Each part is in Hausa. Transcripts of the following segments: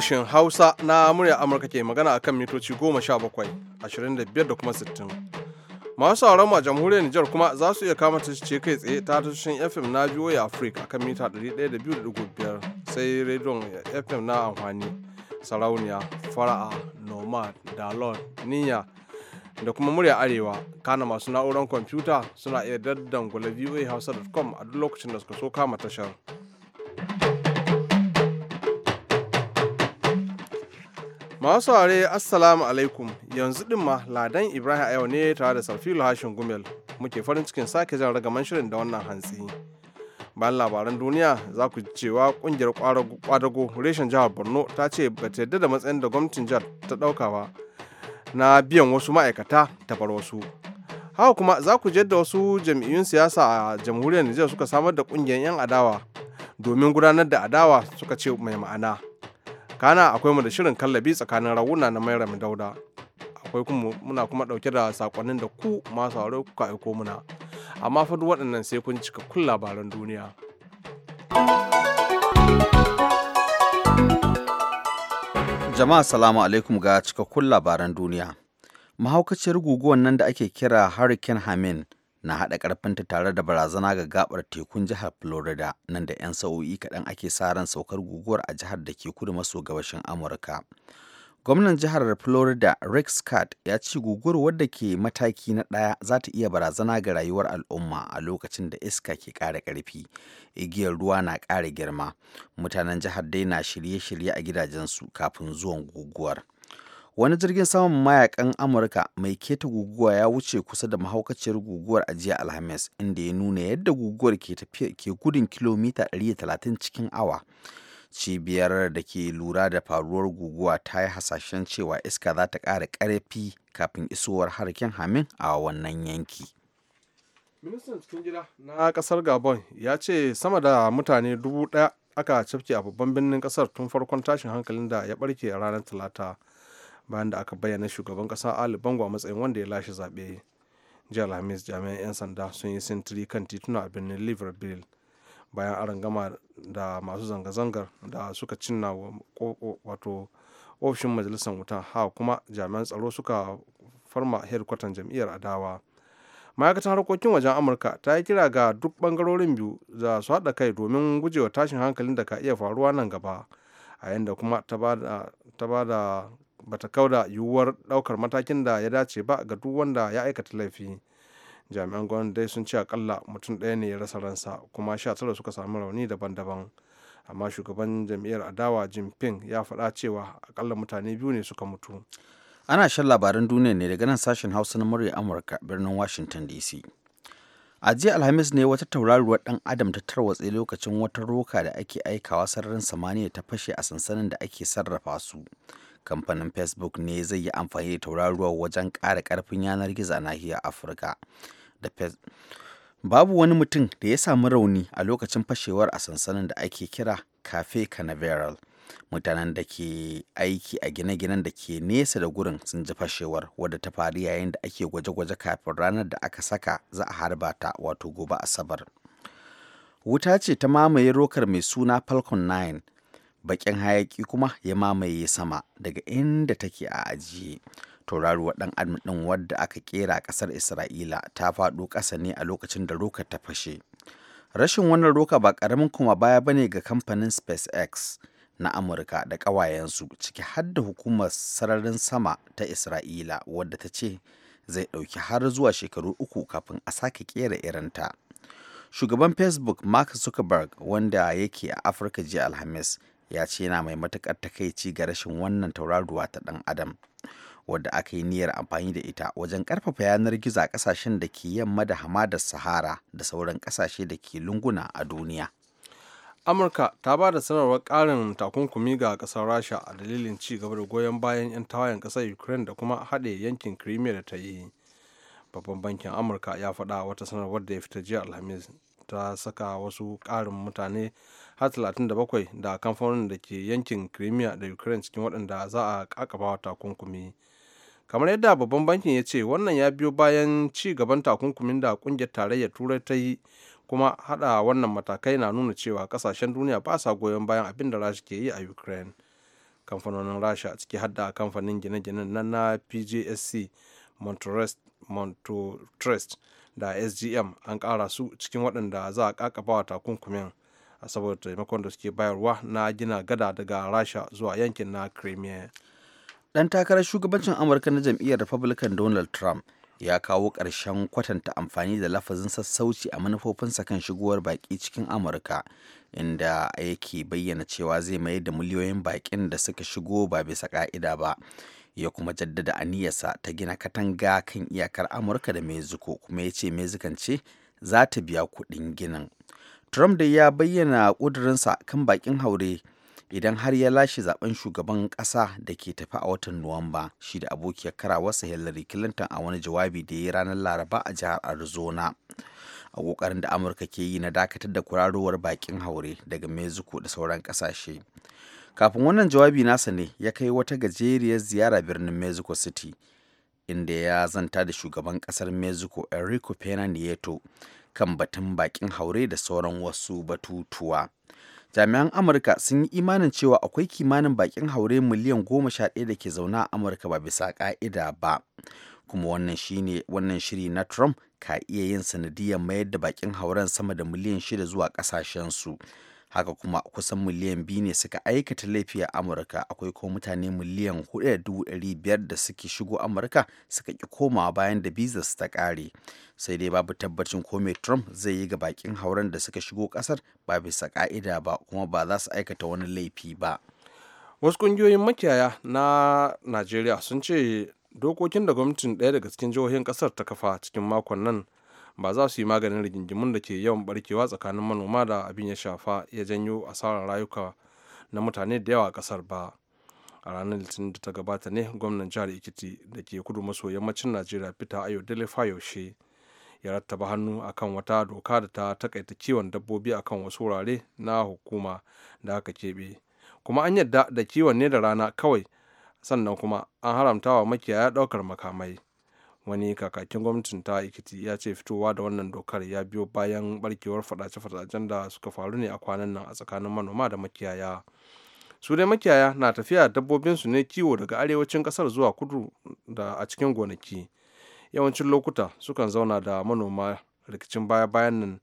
sashen Hausa na murya Amurka ke magana akan mitoci 17, da kuma 60. Masu sauran a jamhuriyar Nijar kuma za su iya kama ce kai tsaye ta tashoshin FM na ya Africa akan mita 102.5 sai rediyon FM na amfani sarauniya fara'a nomad dalon niya da kuma murya arewa kana masu na'urar kwamfuta suna iya daddangula voahausa.com a duk lokacin da suka so kama tashar. Masu ware Assalamu alaikum yanzu din ma Ladan Ibrahim a yau ne tare da Sarfilu Hashin Gumel muke farin cikin sake jan ragaman shirin da wannan hantsi. Bayan labaran duniya za ku cewa kungiyar kwadago reshen jihar Borno ta ce ba ta yarda da matsayin da gwamnatin jihar ta ɗauka ba na biyan wasu ma'aikata ta bar wasu. Haka kuma za ku je yadda wasu jam'iyyun siyasa a jamhuriyar Nijar suka samar da kungiyar 'yan adawa domin gudanar da adawa suka ce mai ma'ana. kana akwai mu da shirin kallabi tsakanin rawuna na mairam dauda akwai kuma muna kuma dauke da sakonnin da ku masu aure kuka aiko muna amma fa duk waɗannan sai kun cika kun labaran duniya jama'a salamu alaikum ga cikakkun labaran duniya mahaukaciyar guguwan nan da ake kira hurricane hamin na haɗa ƙarfinta tare da barazana ga gabar tekun jihar Florida nan da 'yan sa'o'i kaɗan ake sa ran saukar guguwar a jihar da ke kudu maso gabashin Amurka. Gwamnan jihar Florida Rick Scott ya ce guguwar wadda ke mataki na ɗaya za ta iya barazana ga rayuwar al'umma a lokacin da iska ke ƙara ƙarfi, igiyar ruwa na ƙara girma, mutanen jihar dai na shirye-shirye a gidajensu kafin zuwan guguwar. wani jirgin saman mayakan amurka mai keta guguwa ya wuce kusa da mahaukaciyar guguwar a jiya alhamis inda ya nuna yadda guguwar ke, ke gudun kilomita 130 cikin awa cibiyar da ke lura da faruwar guguwa ta yi hasashen cewa iska za ta ƙara ƙarfi kafin isowar harkin hamin a wannan yanki ministan cikin gida na kasar gabon ya ce sama da mutane dubu ɗaya aka cafke a babban birnin kasar tun farkon tashin hankalin da ya barke a ranar talata bayan da aka bayyana shugaban kasa ali bango a matsayin wanda ya lashe zaɓe jiya alhamis jami'an 'yan sanda sun yi sintiri kan tituna a birnin liverpool bayan an gama da masu zanga-zangar da suka cinna wato ofishin majalisar wuta ha kuma jami'an tsaro suka farma hedkwatan jam'iyyar adawa ma'aikatan harkokin wajen amurka ta yi kira ga duk bangarorin biyu da su haɗa kai domin gujewa tashin hankalin da ka iya faruwa nan gaba a yadda kuma ta ba da bata kauda yiwuwar daukar matakin da ya dace ba ga duk wanda ya aikata laifi jami'an gwamnati dai sun ce akalla mutum ɗaya ne ya rasa ransa kuma sha tara suka samu rauni daban-daban amma shugaban jam'iyyar adawa jim ping ya faɗa cewa akalla mutane biyu ne suka mutu ana shan labaran duniya ne daga nan sashen hausa na murya amurka birnin washington dc a jiya alhamis ne wata tauraruwar dan adam ta tarwatse lokacin wata roka da ake aikawa sararin samaniya ta fashe a sansanin da ake sarrafa su kamfanin facebook ne zai yi amfani da tauraruwa wajen ƙara ƙarfin yanar gizo a nahiyar afirka babu wani mutum da ya samu rauni a lokacin fashewar a sansanin da ake kira cafe canaveral mutanen da ke aiki a gine-ginen da ke nesa da gurin sun ji fashewar wadda ta faru yayin da ake gwaje-gwaje kafin ranar da aka saka za a harba ta wato gobe asabar wuta ce ta mamaye rokar mai suna falcon 9 baƙin hayaki kuma ya mamaye sama daga inda take a ajiye tauraruwar ɗan adam ɗin wadda aka ƙera ƙasar isra'ila ta faɗo ƙasa ne a lokacin da roka ta fashe rashin wannan roka ba ƙaramin kuma baya bane ga kamfanin spacex na amurka da ƙawayensu ciki har da hukumar sararin sama ta isra'ila wadda ta ce zai ɗauki har zuwa shekaru uku kafin a sake ƙera irinta shugaban facebook mark zuckerberg wanda yake a afirka jiya alhamis ya ce yana mai matuƙar takaici ga rashin wannan tauraruwa ta ɗan adam wadda aka yi niyyar amfani da ita wajen ƙarfafa yanar gizo a ƙasashen da ke yamma da hamadar sahara da sauran ƙasashe da ke lunguna a duniya amurka ta ba da sanarwar karin takunkumi ga ƙasar rasha a dalilin ci gaba da goyon bayan 'yan tawayen ƙasar ukraine da kuma haɗe yankin crimea da ta yi babban bankin amurka ya faɗa wata sanarwar da ya fita jiya alhamis ta saka wasu ƙarin mutane har 37 da kamfanonin da ke yankin crimea da ukraine cikin waɗanda za a kakaba takunkumi kamar yadda babban bankin ya ce wannan ya biyo bayan ci gaban takunkumin da kungiyar tarayyar turai ta yi kuma hada wannan matakai na nuna cewa kasashen duniya ba sa goyon bayan abin da rasha ke yi a ukraine kamfanonin rasha ciki hadda kamfanin gine-ginen na na pjsc montrest da sgm an kara su cikin waɗanda za a ƙaƙabawa takunkumin a saboda taimakon da suke bayarwa na gina gada daga rasha zuwa yankin na crimea dan takarar shugabancin amurka na jam'iyyar republican donald trump ya kawo ƙarshen kwatanta amfani da lafazin sassauci a manufofinsa kan shigowar baƙi cikin amurka inda yake bayyana cewa zai mayar da miliyoyin baƙin da suka shigo ba bisa ƙa'ida ba ya kuma jaddada aniyarsa ta gina katanga kan iyakar amurka da mexico kuma ya ce mexican ce za ta biya kuɗin ginin trump da ya bayyana ƙudurinsa kan bakin haure idan har ya lashe zaben shugaban ƙasa da ke tafi a watan nuwamba shi da abokiyar karawarsa hillary clinton a wani jawabi da ya ranar laraba a jihar arizona a ƙoƙarin da amurka ke yi na dakatar da kurarowar bakin haure daga mexico da sauran ƙasashe kafin wannan jawabi nasa ne ya kai wata gajeriyar ziyara birnin mexico city inda ya zanta da shugaban kasar mexico enrico pena nieto kan batun bakin haure da sauran wasu batutuwa jami'an amurka sun yi imanin cewa akwai kimanin bakin haure miliyan goma sha ɗaya da ke zaune a amurka ba bisa ka'ida ba kuma wannan shine wannan shiri na trump ka iya yin sanadiyar mayar da bakin hauren sama da miliyan shida zuwa ƙasashensu haka kuma kusan miliyan biyu ne suka aikata laifi a amurka akwai kuma mutane miliyan biyar da suke shigo amurka suka ki komawa bayan da bizas ta ƙare sai dai babu tabbacin ko mai trump zai yi ga bakin hauren da suka shigo kasar ba bisa ka'ida ba kuma ba za su aikata wani laifi ba wasu ƙungiyoyin makiyaya na najeriya sun ce dokokin da gwamnatin ɗaya daga cikin jihohin ƙasar ta kafa cikin makon nan ba za su yi maganin rigingimun da ke yawan barkewa tsakanin manoma da abin ya shafa ya janyo asarar rayuka na mutane da yawa a kasar ba a ranar litinin da ta gabata ne gwamnan jihar ikiti da ke kudu maso yammacin najeriya peter ayodele yaushe ya rattaba hannu akan wata doka da ta takaita kiwon dabbobi akan wasu wurare na hukuma da aka keɓe kuma an yadda da kiwon ne da rana kawai sannan kuma an haramta wa makiyaya ɗaukar makamai wani kakakin gwamnatin ta ikiti ya ce fitowa da wannan dokar ya biyo bayan barkewar fadace-fadacen da suka faru ne a kwanan nan a tsakanin manoma da makiyaya su dai makiyaya na tafiya dabbobinsu ne kiwo daga arewacin kasar zuwa kudu da a cikin gonaki yawancin lokuta sukan zauna da manoma rikicin baya-bayan nan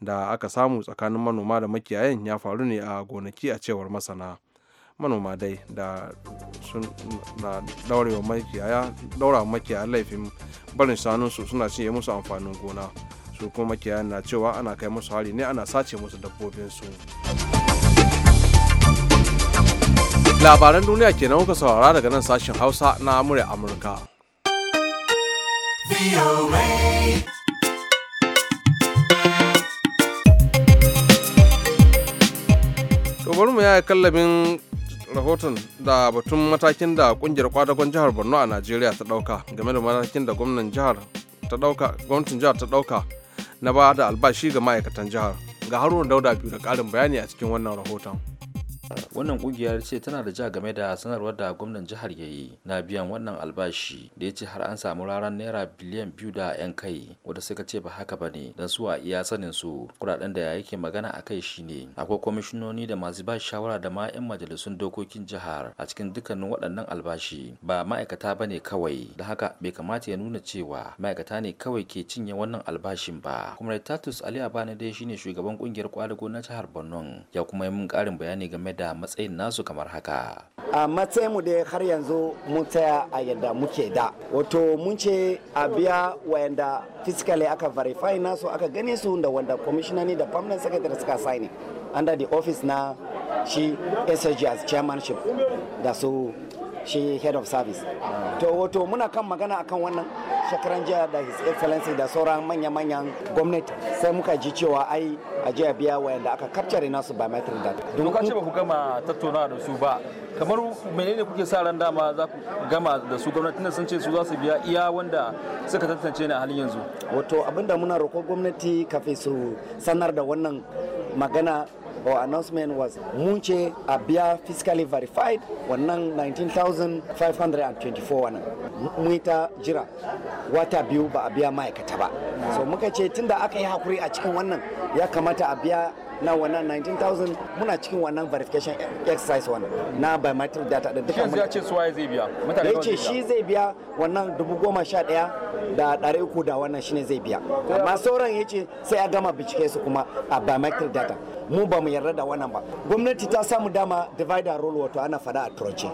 da aka samu tsakanin manoma da makiyayan ya faru ne a gonaki a cewar masana manoma dai da sun na daurewa makiyaya daura makiyaya laifin barin shanunsu suna cinye musu amfanin gona su kuma makiyaya na cewa ana kai musu hari ne ana sace musu dabbobinsu labaran duniya kenan kuka saurara daga nan sashen hausa na amurya amurka to bari mu yaya kallabin rahoton da batun matakin da kungiyar kwadagon jihar borno a najeriya ta dauka game da matakin da gwamnatin jihar ta dauka na ba da albashi ga ma'aikatan jihar ga haruna dauda biyu da karin bayani a cikin wannan rahoton wannan kungiyar ce tana da ja game da sanarwar da gwamnan jihar ya yi na biyan wannan albashi da ya ce har an samu raran naira biliyan biyu da yan kai wanda suka ce ba haka ba ne don su a iya sanin su kudaden da yake magana a kai shi ne. akwai kwamishinoni da masu ba shawara da ma yan majalisun dokokin jihar a cikin dukkanin waɗannan albashi ba ma'aikata ba ne kawai da haka bai kamata ya nuna cewa ma'aikata ne kawai ke cinye wannan albashin ba kuma tatus ali abane dai shine shugaban kungiyar kwadago na jihar borno ya kuma yi min karin bayani game da matsayin nasu kamar haka. A matsayin mu da har yanzu mun tsaya a yadda muke da. Wato mun ce a biya wayanda fiskali aka verify nasu aka gani su da wanda kwamishinani da permanent secretary suka sign under the office na shi SSG as chairmanship da su shi head of service to wato muna kan magana akan wannan shakaran jiya da his excellency da sauran manya-manyan gwamnati sai muka ji cewa ai a jiya biya wayanda aka capture nasu biometric data don ka ce ba ku gama tattauna da su ba kamar menene kuke sa ran dama za ku gama da su gwamnati na sun ce su za su biya iya wanda suka tantance ni a halin yanzu wato abinda muna roƙon gwamnati kafin su sanar da wannan magana our announcement was Munche Abia fiscally verified wannan 19,524 wannan mun jira wata biyu ba a biya ma'aikata ba so muka ce tunda aka yi hakuri a cikin wannan ya kamata a biya na wannan 19,000 muna cikin wannan verification exercise wannan na biometric data da duka mun ya ce suwaye zai biya mutane ya ce shi zai biya wannan 11,000 da ɗari uku da wannan shine zai biya amma sauran ya ce sai a gama bincike su kuma a biometric data mu ba mu yarda da wannan ba gwamnati ta samu dama and rule wato ana fada a turanci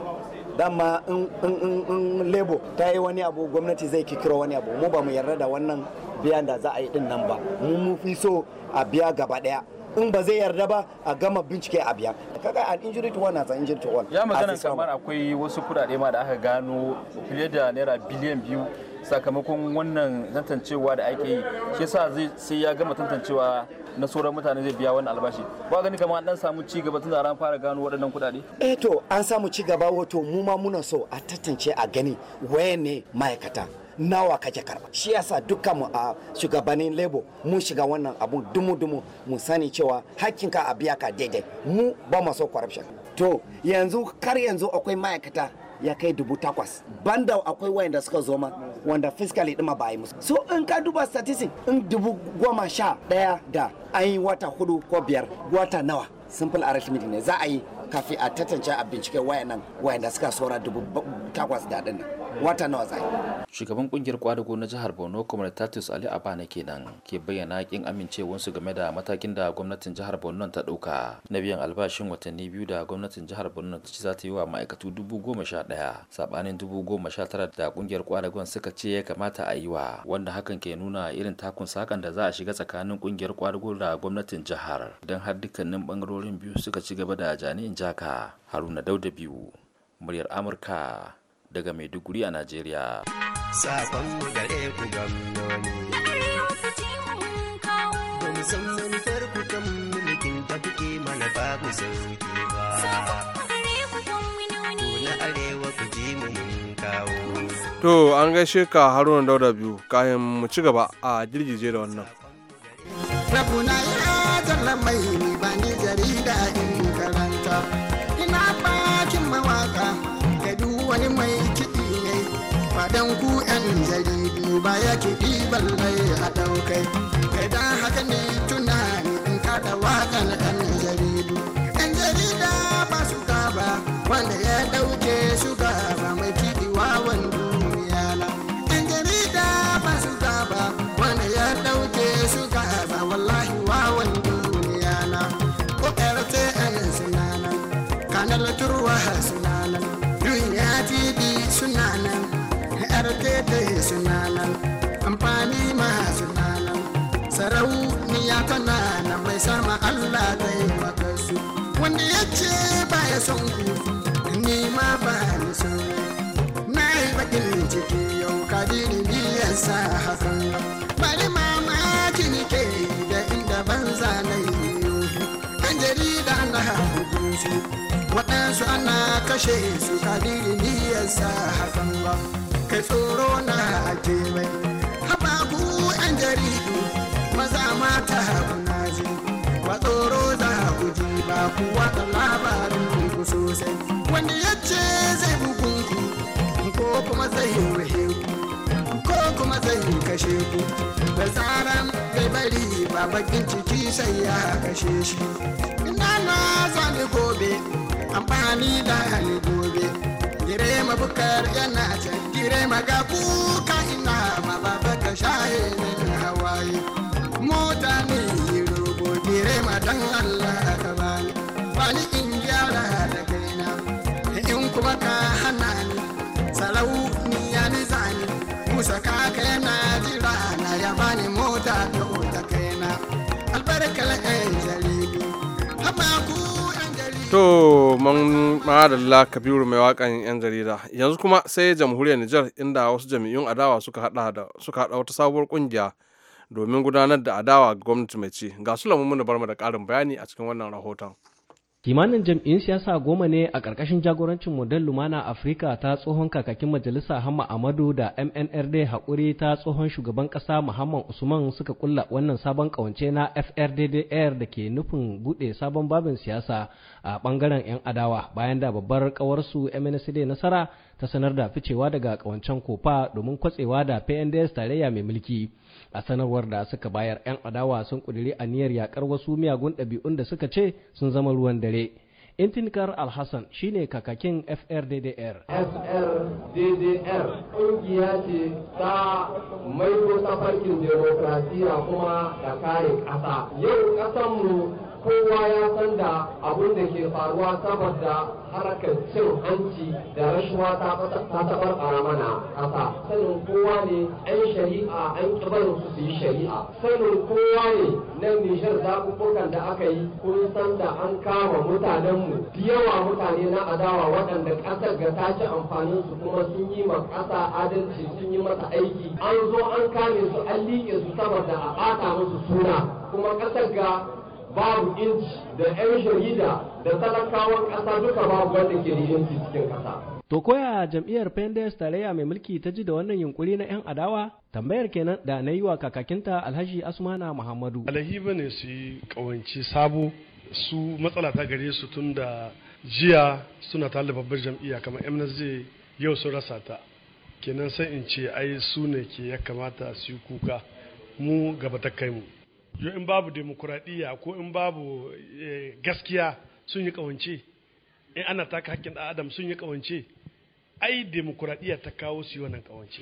dama in lebo ta yi wani abu gwamnati zai kikiro wani abu mu ba mu yarda da wannan biyan da za a yi din nan ba mu fi so a biya gaba daya in ba zai yarda ba a gama bincike a biya kaga an injury to one an injury to one ya magana kamar akwai wasu kudade ma da aka gano fiye da naira biliyan biyu sakamakon wannan tantancewa da ake yi shi yasa zai sai ya gama tantancewa na sauran mutane zai biya wani albashi ba gani kamar an dan samu ci gaba tun ran fara gano waɗannan kuɗaɗe eh to an samu ci gaba wato mu ma muna so a tantance a gani waye ne ma'aikata nawa kake karba shi yasa dukkan mu a shugabannin lebo mun shiga wannan abu dumu dumu mu sani cewa hakkinka a biya ka daidai mu ba mu so corruption to yanzu kar yanzu akwai ma'aikata ya kai dubu takwas banda akwai wayanda suka zo ma wanda fiskali ɗima ba yi musu so in ka duba statistic in dubu goma sha daya da an yi wata hudu ko biyar wata nawa simple arithmetic ne za a yi kafi a tantance a bincike wayannan wayanda suka saura dubu takwas da ɗin wata nawa zai shugaban kungiyar kwadago na jihar borno kamar tatus ali abana kenan ke bayyana kin amincewarsu game da matakin da gwamnatin jihar borno ta dauka na biyan albashin watanni biyu da gwamnatin jihar borno ta ci za ta yi wa ma'aikatu dubu goma sha ɗaya saɓanin dubu goma sha tara da kungiyar kwadagon suka ce ya kamata a yi wa wanda hakan ke nuna irin takun sakan da za a shiga tsakanin kungiyar kwadago da gwamnatin jihar don har dukkanin bangarorin biyu suka ci gaba da jani'in jaka haruna dauda biyu muryar amurka daga Maiduguri a Najeriya. ku gwamnoni. ba To an gaishe ka Haruna Dauda biyu kayan mu ci gaba a girgije da wannan. Rabu na yi zalla mai ba ni jarida in karanta. dan ku yan jaridu ba ya ke ɗibar mai haɗau kai idan haka ne tunani in ka da kaɗa jari yan jaridu jari jarida ba su ba wanda ya ɗauke su ba mai kiɗi wawan duniya na jari jarida ba su ba wanda ya ɗauke su ba wallahi wawan duniya na ƙoƙarce yan sinana kanar turwa hasu ciki yau kadiri biyan sa hakan bari mamaki nike da inda banza na yiwu an jarida na hakan su waɗansu ana kashe su kadiri biyan sa hakan ba kai tsoro na ake mai hababu yan jaridu maza mata haku na ji ba tsoro za ku ji ba kuwa da labarin ku sosai wanda ya ce zai bugun ku ko kuma zai yi ko kuma zai yi kashe ku da tsaran bai bari ba bakin ciki sai ya kashe shi ina na zani gobe amfani da hali gobe gire ma bukar yana can gire ma ga kuka ina ma ba baka shaye ne hawaye mota ne yi rubo gire ma dan Allah ka bani bani musa kaka yana jira na ya bani mota da ta ku to da kabiru mai wakan yan jarida yanzu kuma sai jamhuriyar Nijar inda wasu jami'un adawa suka hada da suka hada wata sabuwar kungiya domin gudanar da adawa ga gwamnati mai ci ga su lamu bar mu da karin bayani a cikin wannan rahoton kimanin jam'in siyasa goma ne a ƙarƙashin jagorancin model lumana afirka ta tsohon kakakin majalisa hamma amadu da mnrd haƙuri ta tsohon shugaban ƙasa muhammad usman suka kulla wannan sabon ƙawance na frddr da ke nufin buɗe sabon babin siyasa a ɓangaren 'yan adawa bayan da babbar ƙawarsu mnsd nasara ta sanar da ficewa daga ƙawancen kofa domin kwatsewa da pnds tarayya mai mulki a sanarwar da suka bayar 'yan adawa sun a aniyar yakar wasu miyagun ɗabi'un da suka ce sun zama ruwan dare intinkar alhassan shine kakakin frddr frddr ƙungiya ce ta maiko tafarkin demokrasiya kuma da kare ƙasa yau ƙasanmu kowa ya san da abun da ke faruwa saboda harkar cin hanci da rashuwa ta tabar a mana ƙasa sanin kowa ne an shari'a an kibarin su yi shari'a sanin kowa ne na nishar zaɓuɓɓukan da aka yi kun san da an kama mutanenmu yawa mutane na adawa waɗanda ƙasar ga ta ci amfanin su kuma sun yi ma ƙasa adalci sun yi masa aiki an zo an kame su an liƙe su saboda a ɓata musu suna kuma ƙasar ga babu inci da 'yan shari'a da talakawan ƙasa duka babu wanda ke da inci cikin ƙasa. To koya jam'iyyar Pendes tarayya mai mulki ta ji da wannan yunkuri na 'yan adawa? Tambayar kenan da na yi wa kakakinta Alhaji Asmana Muhammadu. Alhaji ba ne su yi ƙawanci sabo su matsala ta gare su tun da jiya suna tare babbar jam'iyya kamar zai yau sun rasa ta. Kenan sai in ce ai su ne ke ya kamata su yi kuka mu gaba ta kai mu. yo in babu demokuraɗiyya ko in babu eh, gaskiya sun yi ƙawance in ana taka hakkin ɗan adam sun yi ƙawance ai demokuraɗiyya ta kawo su yi wannan ƙawance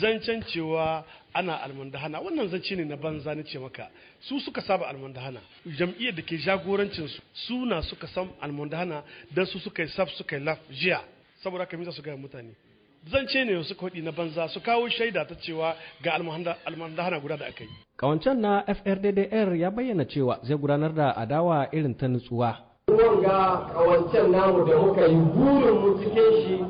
zancen cewa ana almandahana wannan zance ne na banza ni ce maka su suka saba almandahana jam'iyyar da ke jagorancin su suna suka san almandahana dan su suka yi saf suka yi laf jiya saboda haka misa su gaya mutane zance ne su kwaɗi na banza su kawo shaida ta cewa ga hana guda da aka yi. Kawancen na FRDDR ya bayyana cewa zai gudanar da adawa irin ta nutsuwa. ga kawancen namu da muka yi burin mu cikin shi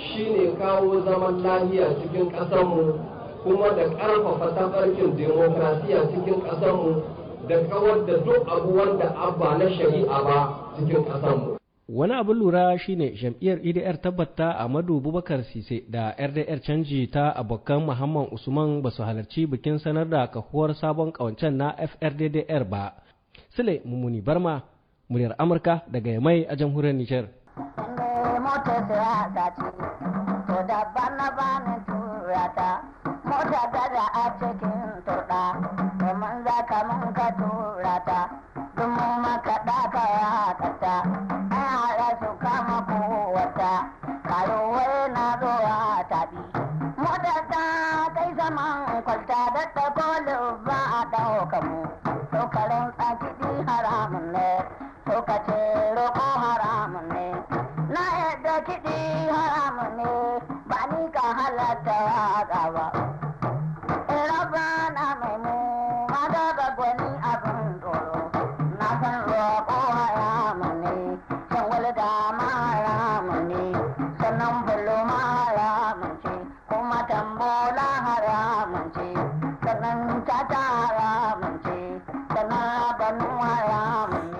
shi ne kawo zaman lahiya cikin ƙasarmu kuma da ƙarfafa tafarkin demokrasiya cikin ƙasarmu da kawar da duk abuwan da abba na shari'a ba cikin ƙasarmu. wani abin lura shine jam'iyyar idr e tabbata amadu bubakar sise da rdr canji ta abokan muhammad usman ba su halarci bikin sanar da kahuwar sabon kawancen na frddr ba sule mummuni barma muryar amurka daga yamai a jamhuriyar nijar mota da a cikin turɗa mu manza ka tura ta duk mu maka daka ya kata an haɗa su kama kowata karuwar na zuwa tabi motar ta kai zaman kwalta da ta ba a ɗauka mu tokarin tsaki haramun ne tokace roƙo haramun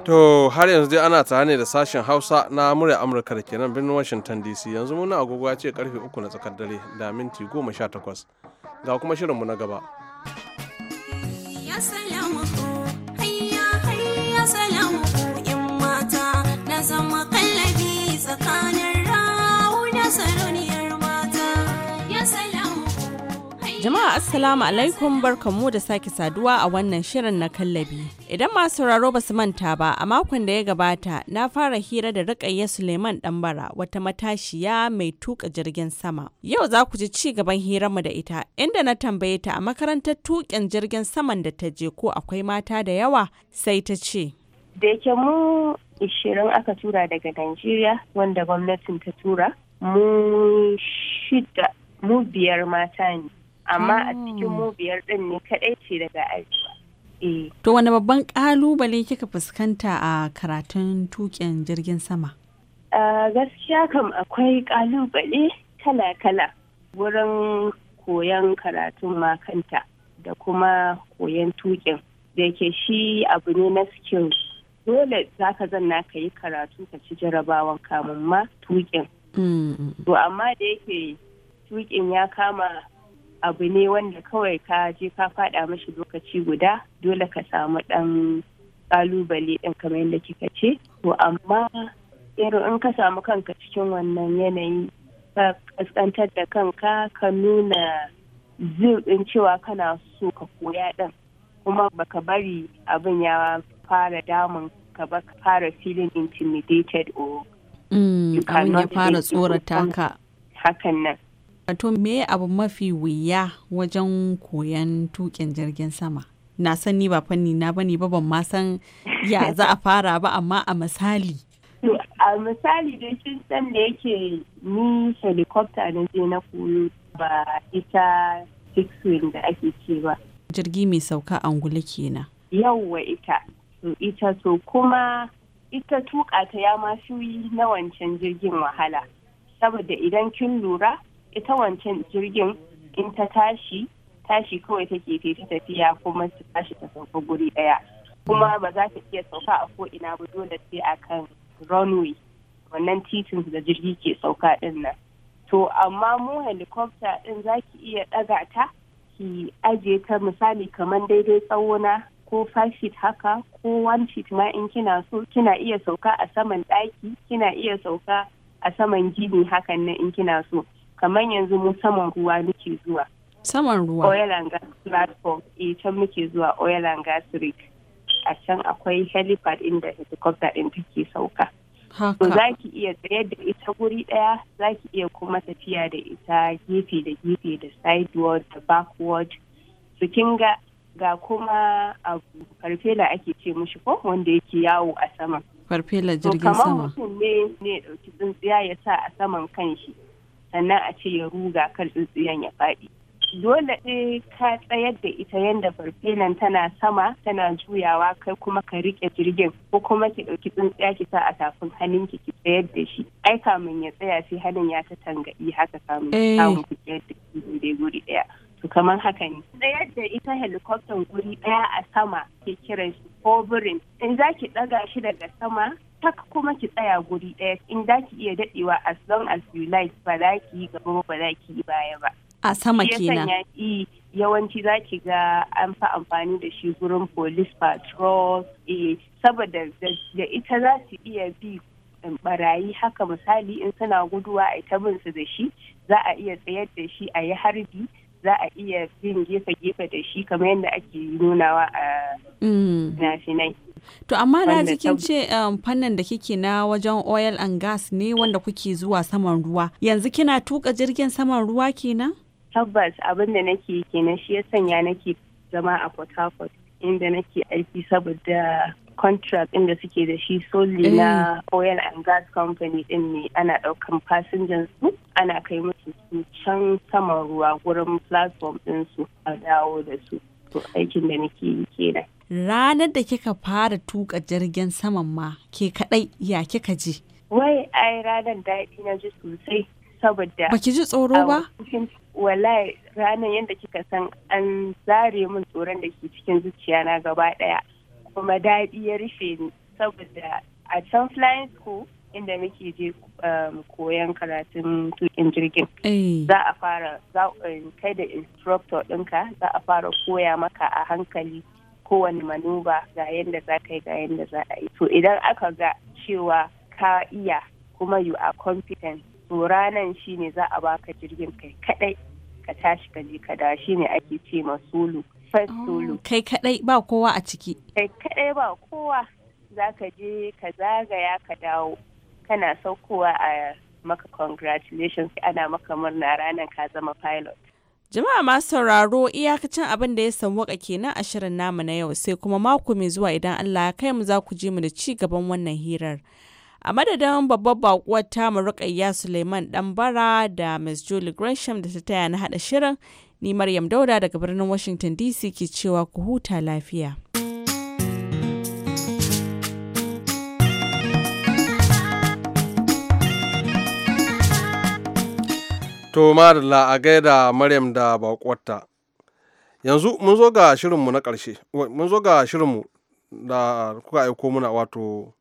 To har yanzu dai ana tare ne da sashen Hausa na murya Amurka da kenan birnin Washington DC yanzu muna agogo ce karfe uku na tsakar dare da minti goma sha takwas ga kuma shirinmu na gaba. assalamu alaikum barkamu da sake saduwa a wannan shirin na kallabi. Idan masu sauraro ba su manta ba a makon da ya gabata na fara hira da rikayya Suleiman Dambara wata matashiya mai tuka jirgin sama. Yau za ku ji ci gaban hirarmu da ita inda na tambaye ta a makarantar tukin jirgin saman da ta je ko akwai mata da yawa sai ta ce. Da yake mu ishirin aka tura daga Najeriya wanda gwamnatin ta tura mu shida mu biyar mata ne amma a cikin ah. mu biyar din ne kadai ce daga arewa eh. to wani babban kalubale kika fuskanta a karatun tuƙin jirgin sama gaskiya kam akwai kalubale kala-kala wurin koyon karatun makanta da kuma koyon tuƙin da yake shi abu ne na skill dole za ka zanna ka yi karatu ka ci jarabawan kamun ma tuƙin mm, mm, mm. to amma da yake tuƙin ya kama abu ne wanda kawai ka je ka faɗa mashi lokaci guda dole ka samu ɗan ƙalubale ɗin kamar yadda kika ce to amma irin in ka samu kanka cikin wannan yanayi ka kaskantar da kanka ka nuna zil ɗin cewa kana so ka koya din kuma baka bari abin ya fara damun ka ba ka fara feeling intimidated or mm, abin ya fara tsorata ka hakan nan To me abu mafi wuya wajen koyan tukin jirgin sama? Na san ni ba fanni na bane ba ban ma san ya za a fara ba amma a misali. a misali da shi san da yake ni helicopter na je na koyo ba ita six wing da ake ce ba. Jirgi mai sauka angula kenan. Yawwa ita. To ita to kuma ita tuƙa ta ya ma fi na wancan jirgin wahala. Saboda idan kin lura ita wancan jirgin in ta tashi tashi kawai take ke ta tafiya kuma su tashi ta sauka guri daya kuma ba za ta iya sauka a ko ina ba dole sai akan runway wannan titin da jirgi ke sauka din nan to amma mu helicopter din za ki iya daga ta ki aje ta misali kamar daidai tsawona ko 5 feet haka ko 1 feet ma in kina so kina iya sauka a saman daki kina iya sauka a saman gini hakan nan in kina so kamar yanzu mu saman ruwa muke zuwa saman ruwa oil and gas platform e can muke zuwa oil and gas rig a can akwai helipad inda helicopter din take sauka Haka. za ki iya tsayar da ita guri daya za ki iya kuma tafiya da ita gefe da gefe da sideward da backward su kinga ga kuma abu farfela ake ce mushi ko wanda yake yawo a sama farfela jirgin sama kamar mutum ne ne dauki tsintsiya ya sa a saman kan shi. sannan a ce ya ruga kan tsintsiyan ya faɗi dole ne ka tsayar da ita yadda farfelan tana sama tana juyawa kai kuma ka rike jirgin ko kuma ki ɗauki tsintsiya ki sa a tafin hannunki ki tsayar da shi ai kamun ya tsaya sai hannun ya ta tangaɗi haka samun samun eh. ku tsayar da shi guri ɗaya to kamar haka ne tsayar da ita helikoftan guri ɗaya a sama ke kiran shi hovering in za ki ɗaga shi daga sama tak kuma ki tsaya guri ɗaya in da ki iya daɗewa as long as you like ba za ki yi gaba ba za ki yi baya ba. A sama kenan. yawanci za ki ga an fi amfani da shi gurin police patrol eh, saboda da ita za su iya bi barayi um, haka misali in suna guduwa a ta bin su da shi za a iya tsayar da shi a yi harbi za a iya bin gefe-gefe da shi kamar yadda ake nunawa a mm. finafinai. To amma da cikin ce um, fannin da kike na wajen oil and gas ne wanda kuke zuwa saman ruwa. Yanzu kina tuka jirgin saman ruwa kenan? Tabbas abin da nake kenan shi ya sanya nake zama a Port Harcourt inda nake aiki saboda contract inda suke da shi solely na eh. oil and gas company din ne ana daukan fasinjan su ana kai musu can saman ruwa gurin platform din su a dawo da su. To aikin da nake yi kenan. ranar da kika fara tuka jirgin saman ma ke kadai ya kika ji wai ai ranar daɗi na ji sosai saboda baki ji tsoro ba wallahi ranar yadda kika san an zare min tsoron da ke cikin zuciya na gaba ɗaya kuma daɗi ya rufe ni saboda a can flying school inda muke je um, koyan karatun tukin jirgin eh. za a fara eh, kai da instructor ɗinka za a fara koya maka a hankali kowane manuba ga yadda za ka yi ga yadda za a yi to idan aka ga cewa ka iya kuma you are competent to ranan ne za a baka jirgin kai kadai ka tashi ka je ka Shi ne ake ce ma solo oh, solo kai kadai ba kowa a ciki kai kadai ba kowa za ka je ka zagaya ka dawo kana saukowa a maka congratulations ana maka murna ranar ka zama pilot Jama'a masu sauraro iyakacin abin da ya waka kenan a shirin namu na yau sai kuma mako mai zuwa idan Allah ya kai mu za ku ji mu da ci gaban wannan hirar. A madadin babbar bakuwar tamu Rukayya Suleiman Dambara da Ms. Julie Gresham da ta taya na haɗa shirin, ni Maryam Dauda daga birnin Washington DC ke cewa ku huta lafiya. To la a gaida Maryam da bakwarta. Yanzu mun zo ga shirinmu na ƙarshe, mun zo ga shirinmu da kuka aiko muna wato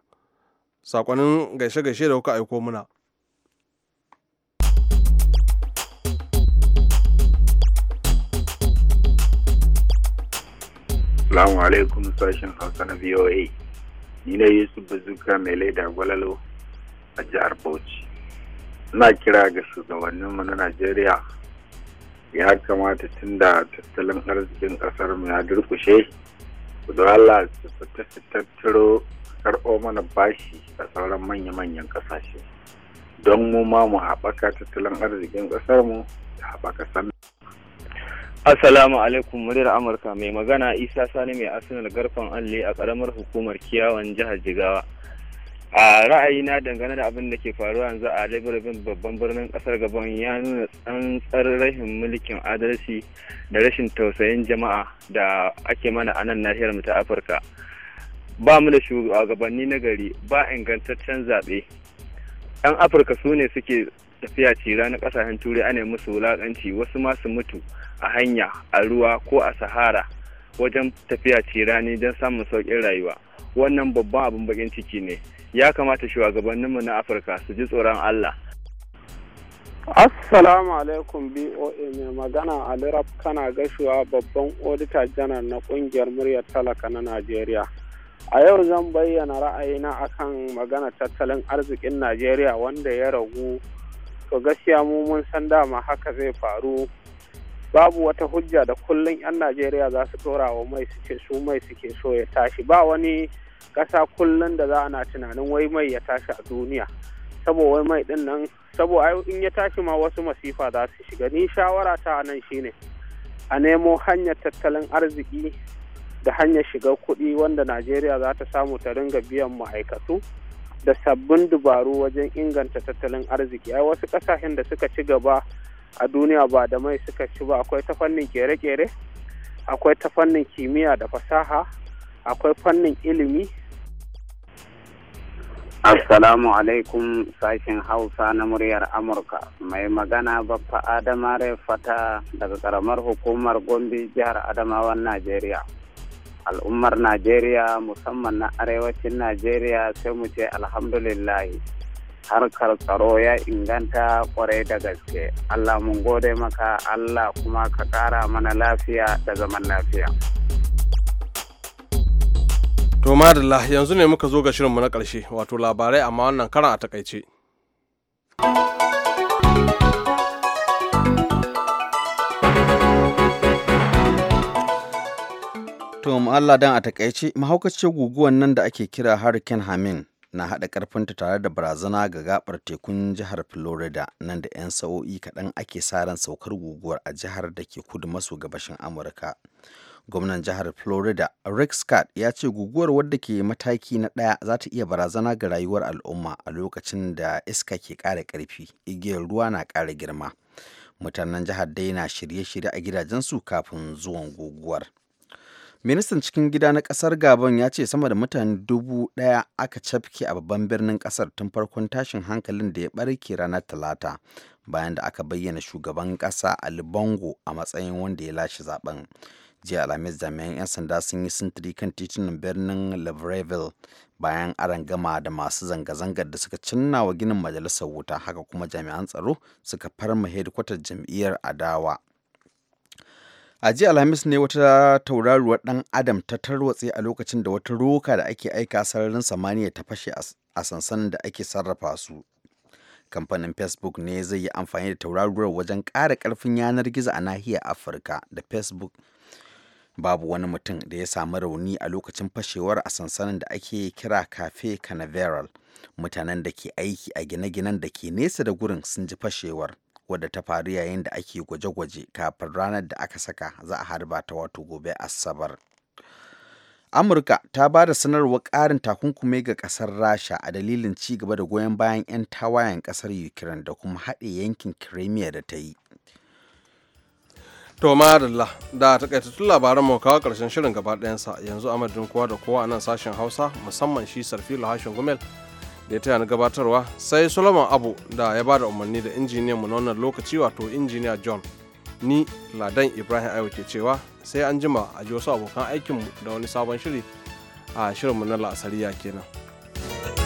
sakonin gaishe-gaishe da kuka aiko muna. Salamu alaikum sashen Hausa na VOA. Ni ne Yusuf Bazuka mai laida gwalalo a jihar Bauchi. na kira ga shugabanninmu na najeriya ya kamata tun da tattalin arzikin kasar mu ya durkushe da Allah su fita su tattaro karɓo mana bashi a sauran manya-manyan kasashe don mu ma mu haɓaka tattalin arzikin kasar mu da haɓaka sannan Assalamu alaikum muryar Amurka mai magana Isa Sani mai asinar garfan Alli a ƙaramar hukumar Kiyawan jihar Jigawa. a ra'ayina dangane da abin da ke faruwa yanzu a labarabin babban birnin kasar gabon ya nuna tsantsar rashin mulkin adalci da rashin tausayin jama'a da ake mana a nan nahiyar mu ta afirka ba mu da shugabanni na gari ba ingantaccen zaɓe yan afirka su ne suke tafiya cira na ƙasashen turai ana musu wulaƙanci wasu masu mutu a hanya a ruwa ko a sahara wajen tafiya cira ne don samun sauƙin rayuwa wannan babban abin bakin ciki ne ya kamata shugabanninmu na afirka su ji tsoron allah assalamu alaikum boa mai magana alirab kana gashuwa babban odita janar na kungiyar muryar talaka na najeriya a yau zan bayyana ra'ayina akan magana tattalin arzikin najeriya wanda ya ragu to gaskiya mu mun san dama haka zai faru babu wata hujja da kullum 'yan najeriya za su tora wa mai suke su mai suke so ya tashi ba wani ƙasa kullum da za ana tunanin wai mai ya tashi a duniya sabo wai mai din nan sabo in ya tashi ma wasu masifa za su shiga ni shawara ta nan shine a nemo hanyar tattalin arziki da hanyar shiga kuɗi wanda najeriya za ta samu ta ringa biyan ma'aikatu da sabbin dubaru wajen inganta tattalin arziki ai wasu ƙasashen da suka ci gaba a duniya ba da mai suka ci ba akwai ta fannin kere-kere akwai ta fannin kimiyya da fasaha akwai fannin ilimi Assalamu alaikum sashen Hausa na muryar Amurka. Mai magana Baffa Adama Fata daga karamar hukumar Gombe jihar Adamawan Najeriya. Al'ummar Najeriya musamman na arewacin Najeriya sai mu ce alhamdulillahi. Harkar tsaro ya inganta kwarai da gaske. Allah mun gode maka Allah kuma ka kara mana lafiya da zaman lafiya. To madalla yanzu ne muka zo ga shirinmu na ƙarshe wato labarai amma wannan karan a takaice. To Allah dan a takaice mahaukacin guguwan nan da ake kira Hurricane Hamin na haɗa ƙarfinta tare da barazana ga gabar tekun jihar Florida nan da 'yan sa'o'i kaɗan ake sa ran saukar guguwar a jihar da ke kudu maso gabashin Amurka. gwamnan jihar florida rick scott ya ce guguwar wadda ke mataki na daya za ta iya barazana ga rayuwar al'umma a lokacin da iska ke ƙara karfi igiyar ruwa na ƙara girma mutanen jihar dai na shirye-shirye a gidajensu kafin zuwan guguwar ministan cikin gida na kasar gabon ya ce sama da mutane dubu daya aka cafke a babban birnin kasar tun farkon tashin hankalin da ya ɓarke ranar talata bayan da aka bayyana shugaban kasa ali bongo a matsayin wanda ya lashe zaben jiya alhamis jami'an 'yan sanda sun yi sintiri kan titunan birnin libreville bayan aron gama da masu zanga-zangar da suka cinna wa ginin majalisar wuta haka kuma jami'an tsaro suka farma hedikwatar jam'iyyar adawa a jiya alhamis ne wata tauraruwar dan adam ta tarwatse a lokacin da wata roka da ake aika sararin samaniya ta fashe a sansanin da ake sarrafa su kamfanin facebook ne zai yi amfani da tauraruwar wajen kara karfin yanar gizo a nahiyar afirka da facebook babu wani mutum da ya samu rauni a lokacin fashewar a sansanin da ake kira cafe canaveral mutanen da ke aiki a gine-ginen da ke nesa da gurin sun ji fashewar wadda ta faru yayin da ake gwaje-gwaje kafin ranar da aka saka za a harba ta wato gobe asabar amurka ta ba da sanarwar ƙarin takunkumi ga ƙasar rasha a dalilin ci gaba da goyon bayan 'yan tawayen ƙasar ukraine da kuma haɗe yankin crimea da ta yi To madalla da takaitattun labaran mu kawo karshen shirin gaba ɗayansa yanzu amadin kowa da kowa a nan sashen Hausa musamman shi Sarfilu Hashin Gumel da ya taya na gabatarwa sai Solomon Abu da ya ba da umarni da injiniyan mu na wannan lokaci wato injiniya John ni Ladan Ibrahim Ayo ke cewa sai an jima a ji wasu abokan aikinmu da wani sabon shiri a mu na la'asariya kenan.